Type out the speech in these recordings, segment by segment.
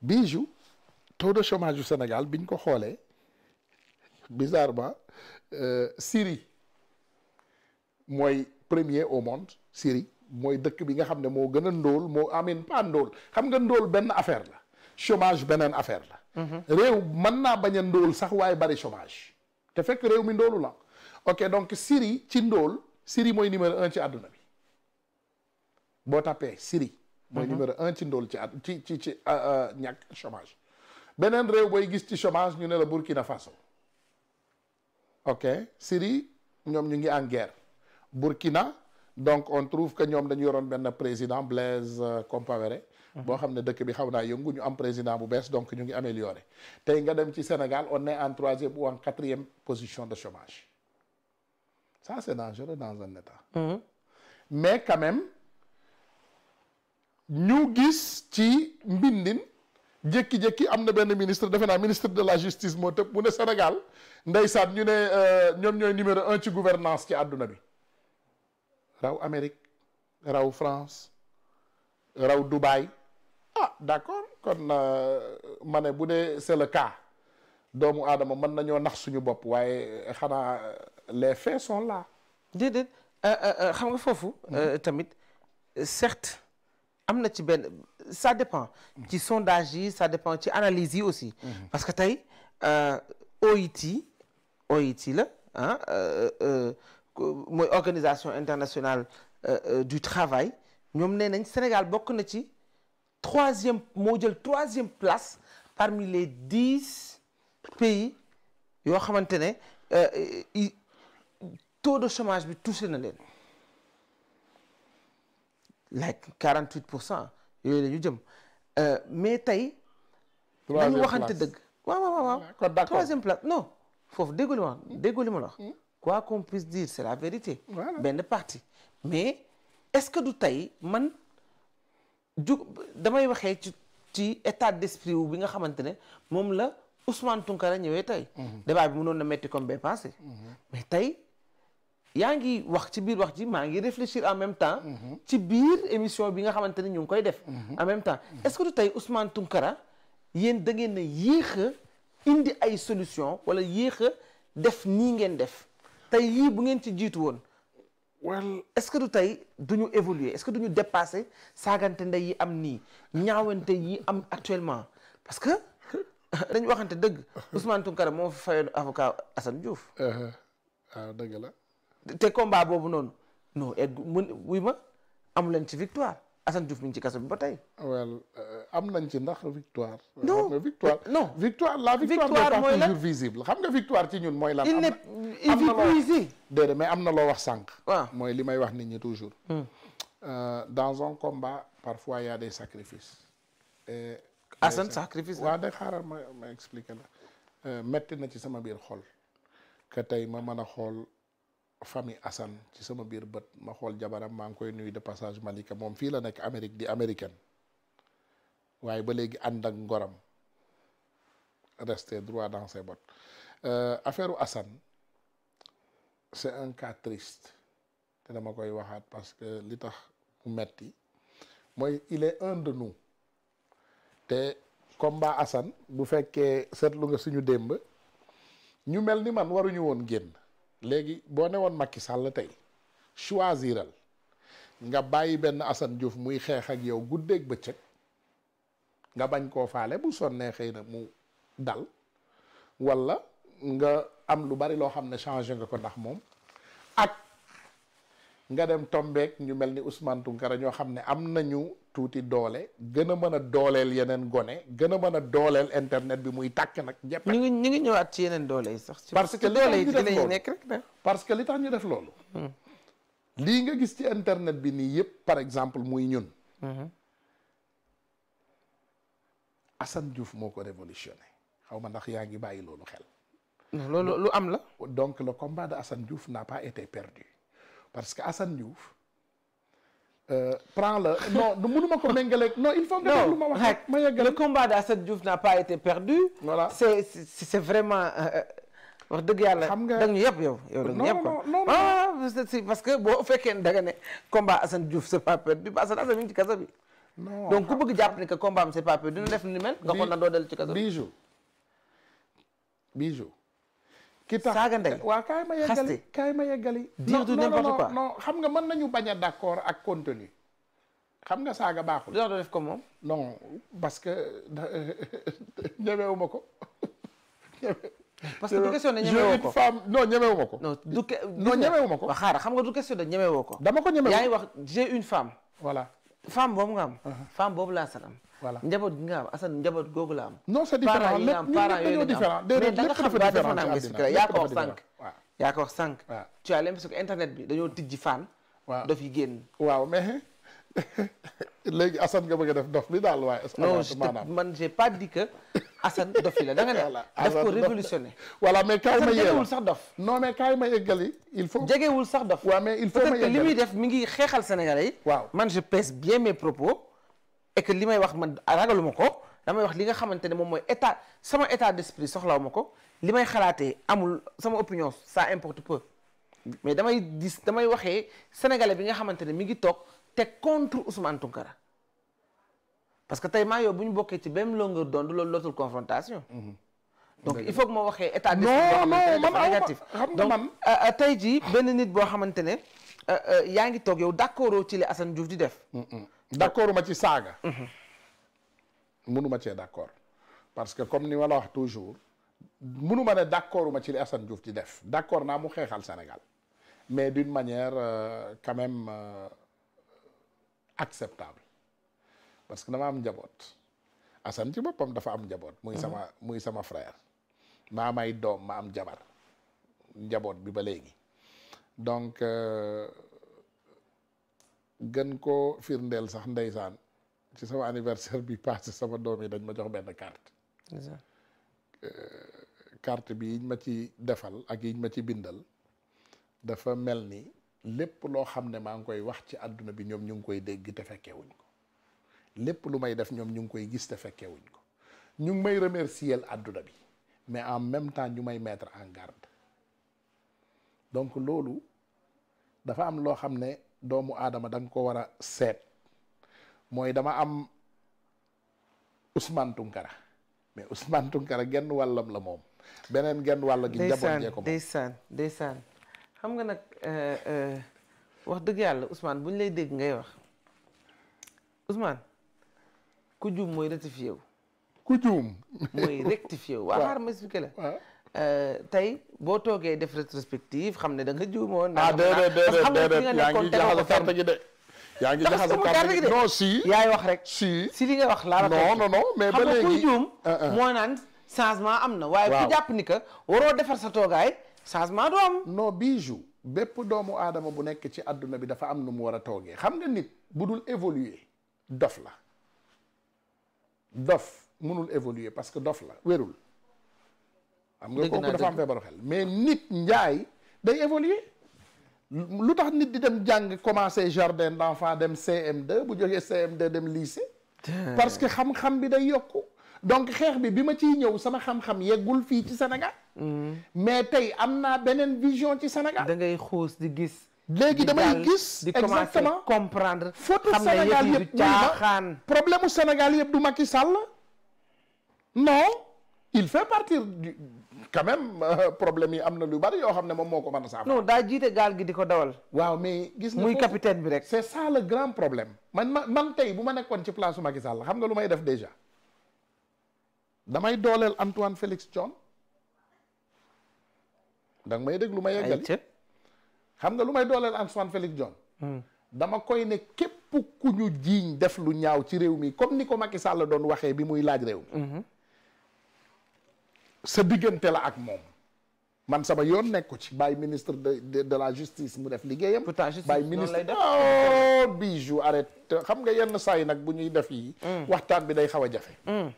bijou taux de chomage yu Sénégal bi ñu ko xoolee bizarrement euh, Syrie mooy premier au monde siri mooy dëkk bi nga xam ne moo gën a ndóol moo amin pas ndóol xam nga ndóol benn affaire la chômage beneen affaire la mhm. réew mën naa bañ a ndóol sax waaye bari chômage te fekk réew mi ndóolu la ok donc Syrie ci ndóol Syrie mooy numéro un ci àdduna bi boo tappee Syrie mooy mhm. numéro un ci ndóol ci at ci ci ci ñàkk chômage beneen réew booy gis ci chômage ñu ne la Burkina Faso ok Syrie ñoom ñu ngi en guerre Burkina donc on trouve que ñoom dañu yoroon benn président Blaise euh, Compaoré mhm. boo xam ne dëkk bi xaw naa yëngu ñu am président bu bees donc ñu ngi amélioré tey nga dem ci Sénégal on est en troisième ou en quatrième position de chômage ça c'est dangereux dans un état mhm. mais quand même ñu gis ci mbindin jékki-jékki am na benn ministre defe naa ministre de la justice moo tëb mu ne Sénégal ndeysaan ñu ne euh, ñoom ñooy numéro un ci gouvernance ci àdduna bi raw Amérique raw France raw Dubaï ah d'accord kon euh, ma ne bu dee c'est le cas doomu aadama mën nañoo nax suñu bopp waaye euh, xanaa les faits sont là déedéet xam nga foofu mm-hmm. tamit certes am na ci benn sa dépend ci mm-hmm. sondage yi ça dépend ci analyse yi aussi mm-hmm. parce que tey euh, OIT OIT la ah mooy organisation internationale du travail ñoom nee nañ Sénégal bokk na ci troisième moo jël troisième place parmi les dix pays yoo xamante ne taux de chômage bi touché na leen like 48 pour cent yooyu la ñu jëm euh, mais tey. nañu waxante dëgg. waaw waaw waaw kon place non foofu déggoo li ma wax déggoo li ma wax. quoi qu'on c'est la vérité. benn parti mais est-ce que du tey man ju damay waxee ci ci état d'esprit wu bi nga xamante ne moom la Ousmane Tounkara ñëwee tey. Hmm. débat bi mënoon na metti comme bee passé. Hmm. mais tey. yaa ngi wax ci biir wax ji maa ngi réfléchir en même temps. Mhm. ci biir émission bi nga xamante ni ñu ngi koy def. Mhm. en même temps mhm. est-ce que du tey Ousmane Tounkara yéen da ngeen a yéex indi ay solution wala yéex a def nii ngeen def tey yii bu ngeen ci jiitu woon. well est-ce que du tey duñu évoluer est-ce que duñu dépasser saagante ndey yi am nii ñaawante yi am actuellement parce que dañu waxante dëgg Ousmane Tounkara moo fa fayoon avocat Assane Diouf. Euh, waaw dëgg la. te combat boobu noonu non egg mun wuy ma amu leen ci victoire Assane Diouf mi ci kaso bi ba tey. well euh, am nañ ci ndax victoire. non victoire la victoire n'est pas toujours visible xam nga victoire ci ñun mooy la am na na loo mais am na loo wax sànq. mooy li may wax nit ñi toujours. Hmm. Euh, dans on combat parfois y a des sacrifices. Assane sacrifice waaw de xaaral ma ma expliquer la euh, metti na ci sama biir xool que tey ma mën a xool. famille Assane ci sama biir bët ma xool jabaram maa ngi koy nuyu de passage Malika moom fii la nekk Amérique di américaine waaye ba léegi ànd ak ngoram rester droit dans ses bottes euh, affaire u Assane c'est un cas triste te dama koy waxaat parce que li tax metti mooy il est un de nous te combat Assane bu fekkee seetlu nga suñu démb ñu mel ni man waruñu woon génn léegi boo ne woon Macky Sall tey choisiral nga bàyyi benn Assane Diouf muy xeex ak yow guddeeg bëccëg nga bañ koo faale bu sonnee xëy na mu dal walla nga am lu bari loo xam ne changé nga ko ndax moom ak nga dem tombeek ñu mel ni Ousmane Tounkara ñoo xam ne am nañu tuuti doole gën a mën a dooleel yeneen gone gën a mën a dooleel internet bi muy takk nag ñëpp ñu ngi ñu ngi ñëwaat ci yeneen doole yi sax parce que doole yi ci lañu nekk rek parce que li tax ñu def loolu hmm. lii nga gis ci internet bi nii yëpp par exemple muy ñun hmm. Assane juuf moo ko révolutionné xaw ma ndax yaa ngi bàyyi loolu xel loolu lu am la donc le combat de Assane juuf n'a pas été perdu parce que Assane Diouf euh, prend la non mënuma ko méngaleeg non il faut nga lu ma wax ma yeggal le combat de Assane Diouf n'a pas été perdu voilà c'est c'est vraiment euh, euh, wax dëgg yàlla xam nga da nga ñu yëpp yow yow da nga ñu yëpp ko ah, parce que boo fekkee ne da nga ne combat Assane Diouf c'est pas perdu Assane Assane mi ci kaso donc ku ah, bëgg jàpp ah. ne que combat am c'est pas perdu dina def ni mel nga xool na doo dellu ci kaso bi bijou bijou ki tax saaga ndey waaw kaay ma yeggali kaay ma yeggali dire du n'importe quoi non xam nga mën nañu bañ a d'accord ak contenu xam nga saaga baaxul doo def ko moom non parce que ñemewuma ko parce que du question ne ñemewoo ko femme non ñemewuma ko non du non ñemewuma ko waaw xaaral xam nga du question de ñemewoo ko dama ko ñemewu yaa ngi wax j'ai une femme voilà femme boobu nga am uh-huh. femme boobu laa salam voilà njaboot gi nga am Assane njaboot am. non c'est différent lépp parents yooyu nga xam baa dafa naa ngi bi dañoo tijji fan. waaw dof waaw mais léegi Assane nga bëgg def dof li daal waaye. non man j'ai pas dit que dof yi la da ne. daf ko révolutionné. voilà mais kaay ma yeewul sax dof. non mais kaay ma li muy def mi ngi xeexal sénégalais yi. waaw man je pèse bien mes propos et li may wax man ragaluma ko damay wax li nga xamante ne moom mooy état sama état d'esprit soxlawu ma ko li may xalaatee amul sama opinion ça importe peu mais damay dis damay waxee sénégalais bi nga xamante ne mi ngi toog te contre Ousmane Tounkara parce que tey maa yow bu ñu bokkee ci même longueur d'onde loolu lootul confrontation mhm. donc il faut ma waxee état d'esprit non man négatif donc euh, euh, tey jii benn nit boo xamante ne euh, yaa ngi toog yow d'accord ci li Assane Diouf di def d' accord ma ci saaga. mënuma cee d' parce que comme ni ma la wax toujours mënuma ne d' accord ma ci li Assane Diouf ci def d' accord naa mu xeexal Sénégal mais d' manière euh, quand même euh, acceptable parce que dama am njaboot Assane ci boppam dafa am njaboot. muy sama muy sama frère. ma am ay doom ma am jabar njaboot bi ba léegi donc. Euh, gën koo firndeel sax ndeysaan ci sama anniversaire bi passé sama doom yi dañ ma jox benn carte euh, carte bi yiñ ma ci defal ak yiñ ma ci bindal dafa mel ni lépp loo xam ne maa ngi koy wax ci àdduna bi ñoom ñu ngi koy dégg te fekkewuñ ko lépp lu may def ñoom ñu ngi koy gis te fekkewuñ ko ñu ngi may remercier àdduna bi mais en même temps ñu may mètre en garde donc loolu dafa am loo xam ne doomu aadama da ko war a seet mooy dama am Ousmane Tounkara mais Ousmane Tounkara genn wàllam la moom beneen genn wàll gi njaboot jee ko saan ndeysaan saan xam nga nag euh, euh, wax dëgg yàlla Ousmane bu ñu lay dégg ngay wax Ousmane ku mooy rectifié wu ku juum mooy rectifié wu waaw xaar ma expliqué la Euh, tey boo toogee def rétrospective xam ne danga nga juumoon. ah déedéet déedéet yaa ngi jaxase carte gi yaay wax rek si si li nga wax. laa la mais ba léegi ah, ah. moo naan changement am na. waaye ku waroo defar sa toogaay changement du am. non bépp doomu aadama bu nekk ci adduna bi dafa am nu mu war a toogee xam nga nit bu dul évoluer dof la dof mënul évoluer parce que dof la wérul. am nga kooku dafa mais nit njaay day évoluer lu tax nit di dem jàng commencé jardin d'enfant dem CM2 bu jógee cm dem lycée parce que xam-xam bi day yokku donc xeex bi bi ma ciy ñëw sama xam-xam yeggul fii ci Sénégal mm-hmm. mais tey am naa beneen vision ci Sénégal da ngay xoos di gis léegi damay gis exactement comprendre photo Sénégal yëpp caaxaan problème u Sénégal yëpp du Macky Sall non il fait partir du quand même euh, problème yi am na lu bari yoo xam ne moom moo ko man a saafara. non daa jiite gaal gi di ko dawal. waaw mais gis nga muy capitaine bi rek. c'est ça le grand problème. man ma man tey bu ma nekkoon ci place su Macky xam nga lu may def déjà damay dooleel Antoine Félix John danga may dégg lu may yeggali xam nga lu may dooleel Antoine Félix John. Hmm. dama koy ne képp ku ñu jiiñ def lu ñaaw ci réew mi comme ni ko Macky Sall doon waxee bi muy laaj réew mi. Hmm. sa diggante la ak moom man sama yoon nekku ci bàyyi ministre de, de de la justice mu def liggéeyam. pourtant justice bàyyi ministre oh bijou arrête xam nga yenn saa yi nag bu ñuy def yi mm. waxtaan bi day xaw a jafe. Mm.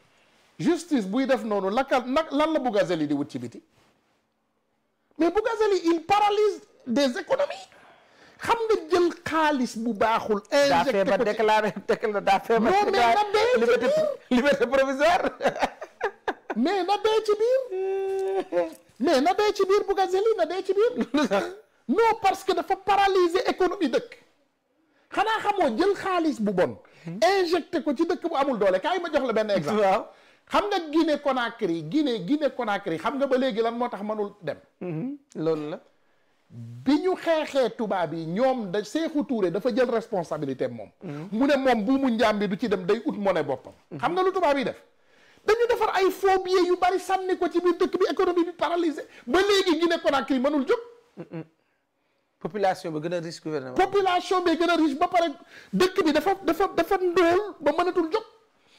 justice buy def noonu lakal nag lan la bu di wut ci biti. mais Bougazelli il de des économies. xam nga jël xaalis bu baaxul. injecté ko daa fee ba déclaré daa fee ba. non mais liberté provisoire. mais na dee ci biir mais na dee ci biir Bougazelli na dee ci biir non parce que dafa paralyser économie dëkk xanaa xamoo jël xaalis bu bon injecté ko ci dëkk bu amul doole kaay ma jox la benn exemple waaw xam nga Guinée Conakry Guinée Guinée Conakry xam nga ba léegi lan moo tax manul dem mhm. loolu la bi ñu xeexee tubaab yi ñoom da Sékou Touré dafa jël responsabilité moom mhm. mu ne moom bu mu njàmbi du ci dem day ut monnaie boppam mhm. xam nga lu tubaab yi def dañu defar ay faux yu bari sànni ko ci biir dëkk bi économie bi paralysée ba léegi Guinée Conakry mënul jóg. population bi gën a riche gouvernement population bi gën a riche ba pare dëkk bi dafa dafa dafa ndóol ba mënatul jóg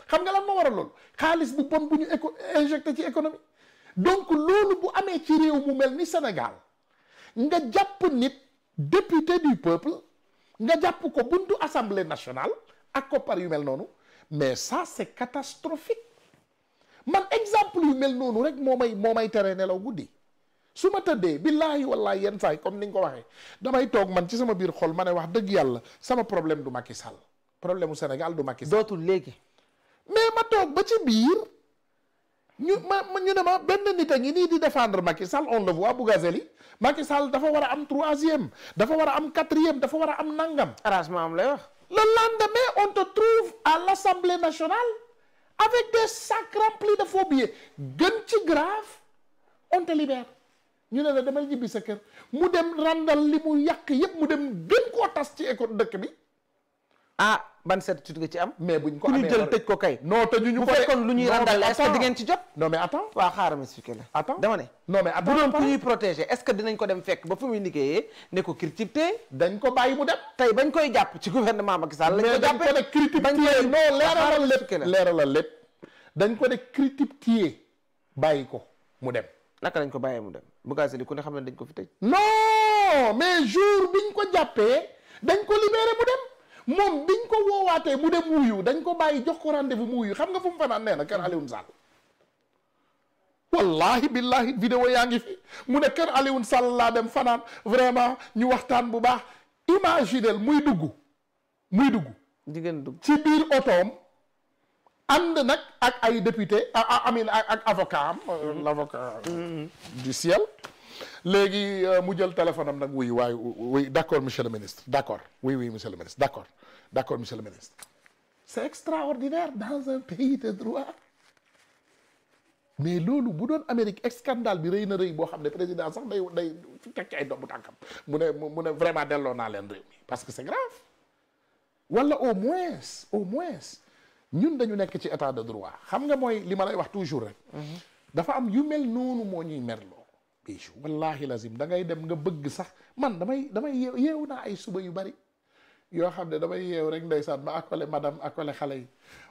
xam nga lan moo waral loolu xaalis bu bon bu ñu éco injecté ci économie donc loolu bu amee ci réew mu mel ni Sénégal nga jàpp nit député du peuple nga jàpp ko buntu assemblée nationale ak koppar yu mel noonu mais ça c'est catastrophique man exemple yu mel noonu rek moo may moo may tere nelaw guddi su ma tëddee billaahi wallaahi yenn saay comme ni nga ko waxee damay toog man ci sama biir xol ma ne wax dëgg yàlla sama problème du Macky Sall problème mu Sénégal du Macky Sall léegi mais ma toog ba ci biir ñu ma ne ma benn nit a nii di défendre Macky Sall on le voit Bougazelli Macky Sall dafa war a am troisième dafa war a am quatrième dafa war a am nangam arrangement am lay wax le lendemain on te trouve à l'Assemblée nationale avec des sacs remplis de gën ci grave on te ñu ne la demal jibbi sa kër mu dem randal li mu yàq yëpp mu dem gën koo tas ci école dëkk bi ah, ban certitude nga ci am. mais buñ ñu ko kay. ma expliqué la. attends dama ne. non ko dem fekk ba fu muy ko mu dem. tey dañ ko bàyyi mu dem. naka lañ ko ku ne xam ne dañ ko fi tëj. non mais jour biñ ko jàppee dañ ko libéré mu dem moom biñ ko woowaatee mu dem wuyu dañ ko bàyyi jox ko rendez-vous mu xam nga fu mu fanaan nee na kër Alioune Sall wallahi billahi vidéo yaa ngi fi mu ne kër Alioune Sall laa dem fanaan vraiment ñu waxtaan bu baax imaginel muy dugg muy dugg jigéen dugg ci biir otoom ànd nag ak ay député amin ak avocat am euh, mm-hmm. l'avocat du ciel léegi euh, mu jël téléphone am nag oui waaye oui d' accord monsieur le ministre d' accord oui oui monsieur le ministre d' accord d' accord monsieur le ministre. c' est extraordinaire dans un pays de droit mais loolu bu doon Amérique scandale bi rëy na rëy boo xam ne président sax day day tekki ay doomu tànkam mu ne mu ne vraiment delloo naa leen réew mi parce que c' grave wala au moins au moins ñun dañu nekk ci état de droit xam nga mooy li ma lay wax toujours rek. Mhm. dafa am yu mel noonu moo ñuy merloo. bijou wallahi lazim da ngay dem nga bëgg sax man damay damay yeew yeewu naa ay suba yu bari yoo xam ne damay yeew rek ndeysaan ma accolé madame accolé xale yi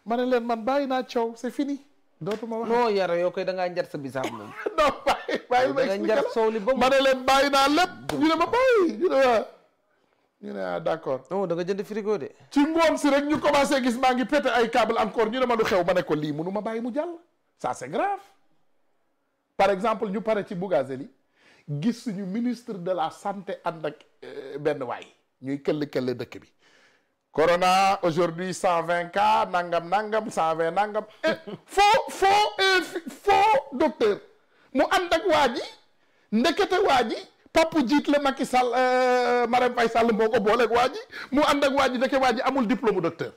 ma ne leen man bàyyi naa coow c'est fini dootuma wax non yara yoo koy da ngaa njar sa bisaab moom non bàyyi bàyyi ma expliqué njar soow li ba naa lépp ñu ne ma bàyyi ñu ne waa ñu ne ah d'accord non oh, da nga jënd frigo de ci ngoon si rek ñu commencé gis maa ngi pété ay câble encore ñu ne ma lu xew ma ne ko lii mënu ma bàyyi mu jàll ça c'est grave par exemple ñu pare ci Bougazeli gis suñu ministre de la santé ànd ak euh, benn waay ñuy këll këll dëkk bi. corona aujourd'hui cent vingt cas nangam nangam cent vingt nangam faux faux docteur mu ànd ak waa ji ndekete waa ji papu jiit la Macky Sall euh, Marème Faye Sall moo ko booleeg waa mu ànd ak waa ji ndeke waa ji amul diplôme docteur.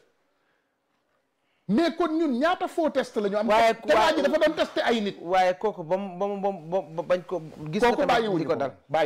mais kon ñun ñaata faux test la ñu am. waaye te waa ji dafa doon testé ay nit. waaye kooku ba mu ba mu ba bañ ko. gis ko tamit ko dal